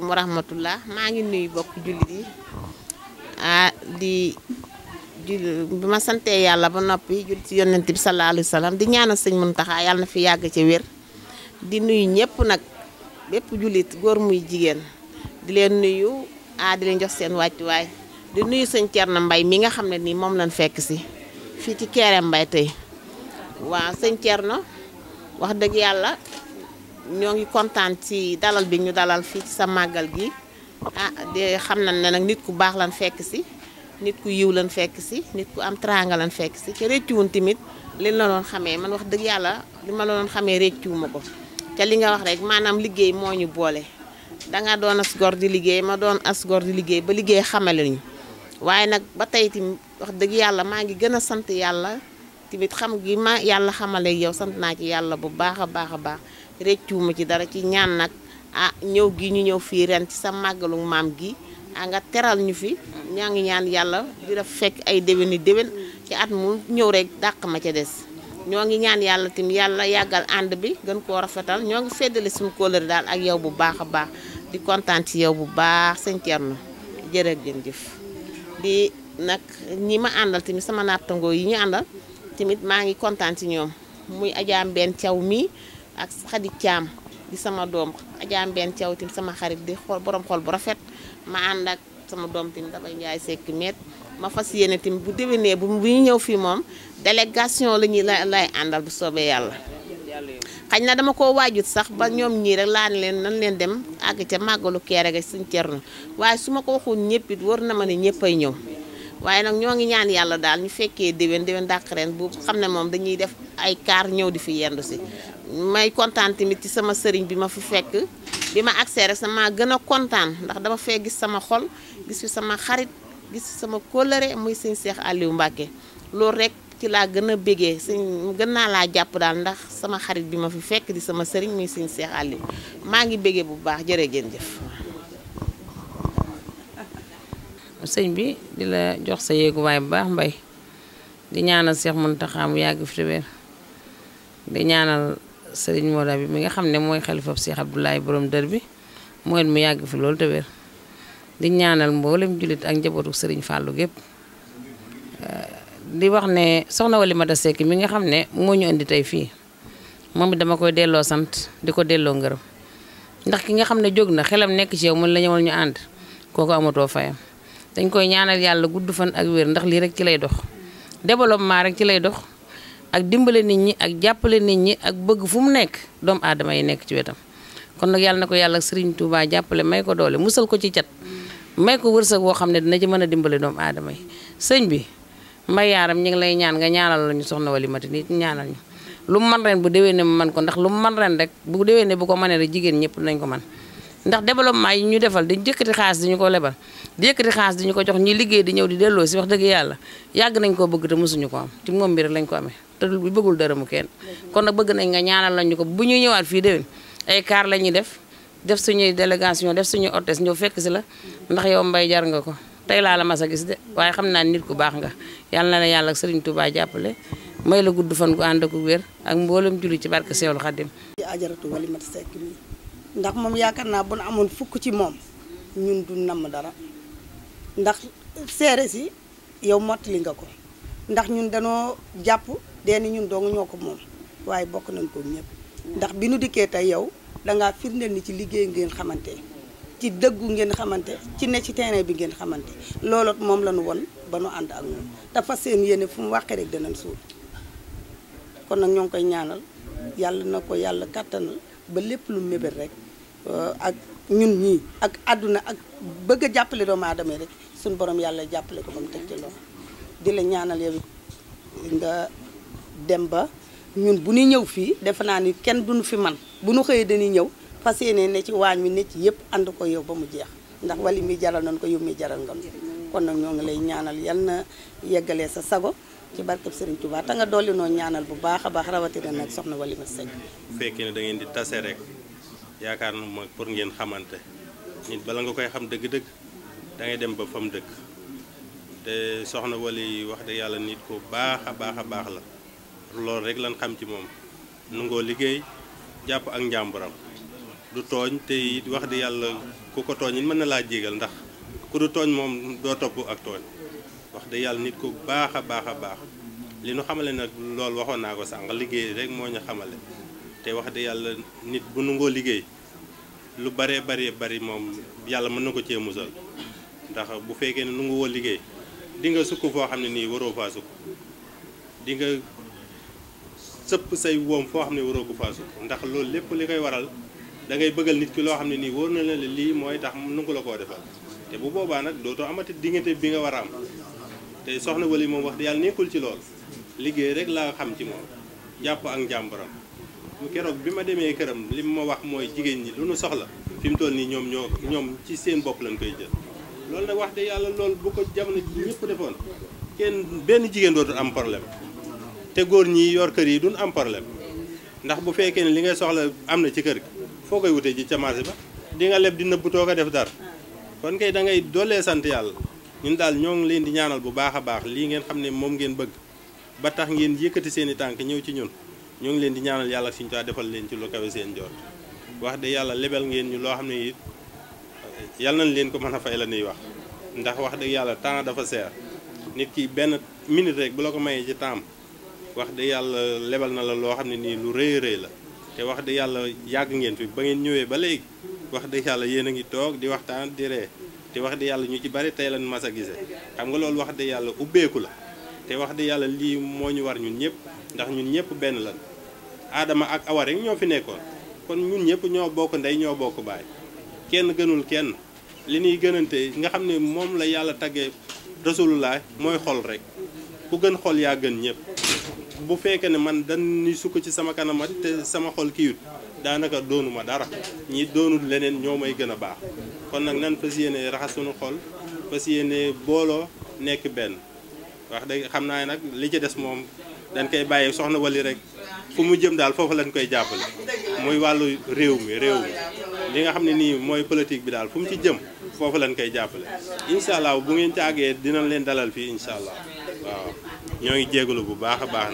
alaykum wa rahmatullah ma ngi nuy bokk jullit yi ah di jul bi ma santee yalla ba nopi jul ci yonnati bi sallallahu alayhi wasallam di ñaanal sëñ Muntaxa yalla na fi yag ci wër di nuy ñepp nak bép jullit góor muy jigen di len nuyu a ah, di len jox waccu way di nuyu señ Thierno mbay mi nga xam ni mom lañ fekk ci fi ci Kéré mbay tay wa señ Thierno wax deug yalla ñoo ngi kontaan si dalal bi ñu dalal fii sa màggal gi ah de xam na ne nag nit ku baax lan fekk si nit ku yiw lan fekk si nit ku am teraanga lan fekk si te réccuwun tamit liñ la doon xamee man wax dëgg yàlla li ma la doon xamee réccuwuma ko te li nga wax rek maanaam liggéey moo ñu boole danga doon as gor di liggéey ma doon as di liggéey ba liggéey xamale ñu waaye nag ba tey tamit wax dëgg yàlla maa ngi gën a sant yàlla tamit xam gi ma yàlla xamale yow sant naa ci yàlla bu baax a baax a baax réccuma ci dara ci ñaan nak ah ñew gi ñu ñew fi ren ci sa magalu mam gi ah, nga teral ñu fi ñang ñaan yalla di la fekk ay deweni dewen ci at mu ñew rek dak ma ca des ñogi ñaan yalla tim yalla yagal and bi gën ko rafetal ñoo ngi feddali suñu kóolëri ak yow bu baaxa baax di kontaan ci yow bu baax señ tierno jërëg gën jëf di nak ñi ma tim tamit sama natango yi ñu andal timit ma ngi kontaan ci ñom muy ajaam ben ciaw mi ak xadi caam di sama doom ajaam benn cawtim sama xarit di xool borom xool bu rafet ma ànd ak sama doom tamit dafay njaay sekki met ma fas yéene tamit bu déwénee bu bu ñu ñëw fii moom délégation la ñuy la lay àndal bu soobee yàlla xañ na dama ko waajut sax ba ñoom ñii rek laan leen nan leen dem àgg ca màggalu keere ga suñ cernu waaye su ma ko waxul ñëpp it war na ma ne ñëpp ay ñëw waaye nag ñoo ngi ñaan yàlla daal ñu fekkee déwén déwén dàq ren bu xam ne moom dañuy def ay kaar ñëw di fi yendu si may contane timit ci sama sering bima fi fekk bima sama gëna contane ndax dama fee gis sama xol gis fi sama xarit gis fi sama coloré muy sëñ cheikh Aliou Mbàkke loolu rek ci la gëna bëggé bégee gëna la japp dal ndax sama xarit bima fi fekk di sama sering muy sëñ cheikh Aliou ma ngi bëggé bu baax jërë gën jëf bi di le jox sa yéeguwaay bu baax mbay di ñaanal cheikh Dinyana mu fi di ñaanal sëriñ Moda bi mi nga xam ne mooy xelifab Cheikh Abdoulaye borom dër bi mooy mu yàgg fi loolu te wér di ñaanal mboolem jullit ak njabootu sëriñ Fallou gépp di wax ne soxna Walimata Seck mi nga xam ne moo ñu indi tey fii moom dama koy delloo sant di ko delloo ngërëm ndax ki nga xam ne jóg na xelam nekk ci yow mën la ñëwal ñu ànd kooku amatoo fayam dañ koy ñaanal yàlla gudd fan ak wér ndax lii rek ci lay dox développement rek ci lay dox. ak dimbale nit ñi ak jàppale nit ñi ak bëgg fu mu nekk doomu aadama yi nekk ci wetam kon nag yàlla na ko yàlla Serigne Touba jàppale may ko doole musal ko ci cat may ko wërsëg woo xam ne dina ci mën a dimbale doomu aadama sëñ bi mbay yaaram ñu ngi lay ñaan nga ñaanal la ñu soxna Walimatu ñaanal ñu lu mu man ren bu déwee ne mu man ko ndax lu mu man ren rek bu déwee ne bu ko mënee rek jigéen ñëpp nañ ko man ndax développement yi ñu defal dañu jëkkati xaalis diñu ko lebal di jëkkati xaalis diñu ko jox ñu liggéey di ñëw di delloo si wax dëgg yàlla yàgg nañ ko bëgg te mosuñu ko am ci moom mbir lañ ko amee te bi bëggul dara mu kenn kon nag bëgg nañ nga ñaanal lañu ko bu ñuy ñëwaat fii déwén ay kaar la ñuy def def suñuy délégation def suñuy hôtesse ñëw fekk si la ndax yow mbay jar nga ko tey laa la mas a gis de waaye xam naa nit ku baax nga yàlla na la yàlla ak Serigne Touba jàppale may la gudd fan gu ànd ak wér ak mboolem julli ci barke Seexul Xadim ajaratu Walimat Sekk mi ndax moom yaakaar naa bu nu amoon fukk ci moom ñun du namm dara ndax seere si yow mottali nga ko ndax ñun danoo jàpp dee ni ñun dong ñoo ko moom waaye bokk nañ ko ñëpp ndax bi nu dikkee tey yow dangaa firnde ni ci liggéey ngeen xamante ci dëggu ngeen xamante ci ne ci terrain bi ngeen xamante loolu moom la ñu won ba nu ànd ak ñun te seen yéene fu mu waxee rek danañ suul kon nag ñoo ngi koy ñaanal yàlla na ko yàlla kattanal ba lépp lu mébét rek euh, ak ñun ñii ak àdduna ak bëgg a jàppale doomu aadama rek suñ borom yàlla jàppale ko ba mu teg ci loolu di la ñaanal yow dem ba ñun bu ñu ñew fi ni kenn duñu fi man bu ñu xeye dañuy ñew fasiyene ne ci wañu ne ci yépp and ko yow ba mu jeex ndax wali mi jaral nañ ko yu mi jaral ngam kon nak ñoo lay ñaanal yalna yeggalé sa sago ci barke Serigne Touba ta nga doli no ñaanal bu baax rawati na nak soxna wali ma sëñ bu ne da ngeen di tassé rek yaakar na mo pour ngeen xamanté nit bala nga koy xam deug deug da ngay dem ba fam mu té soxna wali wax de yalla nit ko baaxa baaxa baax la loolu rek lan xam ci moom nangoo liggéey jàpp ak njàmburam du tooñ te it wax di yàlla ku ko tooñ it mën na laa jégal ndax ku du tooñ moom doo topp ak tooñ wax di yàlla nit ku baax a baax a baax li nu xamale nag lool waxoon naa ko sànq liggéey rek moo ñu xamale te wax di yàlla nit bu nangoo liggéey lu bare bare bari moom yàlla mën na ko cee musal ndax bu fekkee ne nu nga liggéey di nga sukk foo xam ne nii waroo faa sukk di sepp say wom fo xam waro ko faasu ndax lool lepp li koy waral da ngay bëggal nit ki lo xam ni wor na la li moy tax nungu la ko defal te bu boba nak doto amati dignité bi nga war am te soxna wali mom wax di nekul ci lool liggey rek la xam ci mom japp ak jambaram mu kérok bima démé demee këram li ma wax moy jigéen ñi lu nu soxla fim mu toll nii ñoom ñoo ñom ci seen bop lañ koy jël lool nak wax de yàlla lool bu ko jamono ñepp defoon kenn benn jigéen doto am problème te góor ñi yor kër yi duñ am problème ndax bu fekkee ne li ngay soxla am na ci kër gi foo koy wutee ji ca marché ba di nga leb dina nëbb toog a def dara kon kay da ngay doolee sant yàlla ñun daal ñoo ngi leen di ñaanal bu baax a baax lii ngeen xam ne moom ngeen bëgg ba tax ngeen yëkkati seen i tànk ñëw ci ñun ñoo ngi leen di ñaanal yàlla suñu taa defal leen ci lu kawe seen jot wax de yàlla lebel ngeen ñu loo xam ne it yàlla nañ leen ko mën a fay la nuy wax ndax wax dëgg yàlla temps dafa seer nit ki benn minute rek la ko mayee ci temps wax de yàlla lebal na la loo xam ne nii lu rëy rëy la te wax de yàlla yàgg ngeen fi ba ngeen ñëwee ba léegi wax de yàlla yéen a ngi toog di waxtaan di ree te wax de yàlla ñu ci bari tey lan mas a gise xam nga loolu wax de yàlla ubbeeku la te wax de yàlla lii moo ñu war ñun ñëpp ndax ñun ñëpp benn lan aadama ak awa ñoo fi nekkoon kon ñun ñëpp ñoo bokk ndey ñoo bokk baay kenn gënul kenn li ñuy gënante nga xam ne moom la yàlla taggee rasulullah mooy xol rek ku gën xol yaa ñëpp bu fekkee ne man dañuy sukk ci sama kanamat te sama xol kiiwut doonu ma dara ñi doonul leneen ñoo may gën a baax kon nag nan fas yéene raxas sunu xol fas yéene booloo nekk benn wax dëgg xam naa nag li ci des moom dañ koy bàyyi soxna walli rek fu mu jëm daal foofu lañ koy jàppale muy wàllu réew mi réew mi li nga xam ne nii mooy politique bi daal fu mu ci jëm foofu lañ koy jàppale incha allah bu ngeen ci àggee dinañ leen dalal fii incha allah waaw ñoo ngi jégalu bu baax a baax